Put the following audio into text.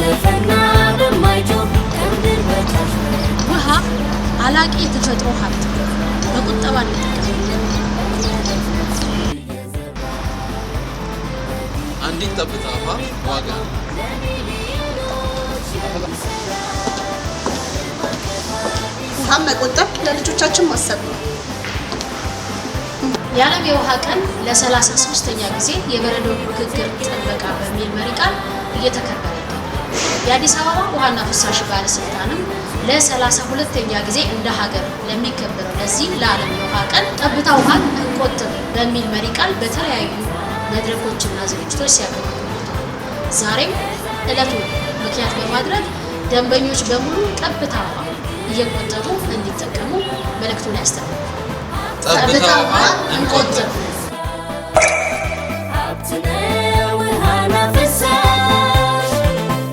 በዘፈና በማይጮህ ከምድር በታች ውሃ አላቂ የተፈጥሮ ሀብት በቁጠባ አንዲት ጠብታ ውሃ ዋጋ ውሃን መቆጠብ ለልጆቻችን ማሰብ ነው። የዓለም የውሃ ቀን ለ33ኛ ጊዜ የበረዶ ግግር ጥበቃ በሚል መሪ ቃል እየተከበረ የአዲስ አበባ ውሃና ፍሳሽ ባለስልጣንም ለሰላሳ ሁለተኛ ጊዜ እንደ ሀገር ለሚከበረው ለዚህ ለዓለም የውሃ ቀን ጠብታ ውሃን እንቆጥብ በሚል መሪ ቃል በተለያዩ መድረኮችና ዝግጅቶች ሲያቀርቡ ዛሬም ዕለቱን ምክንያት በማድረግ ደንበኞች በሙሉ ጠብታ ውሃ እየቆጠቡ እንዲጠቀሙ መልእክቱን ያስተላል። ጠብታ ውሃ እንቆጥብ